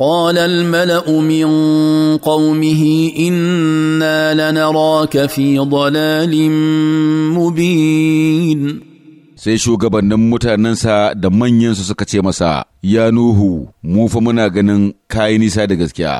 قال الملا من قومه انا لنراك في ضلال مبين sai shugabannin mutanensa da manyansu suka ce masa ya nuhu mu fa muna ganin kayi nisa da gaskiya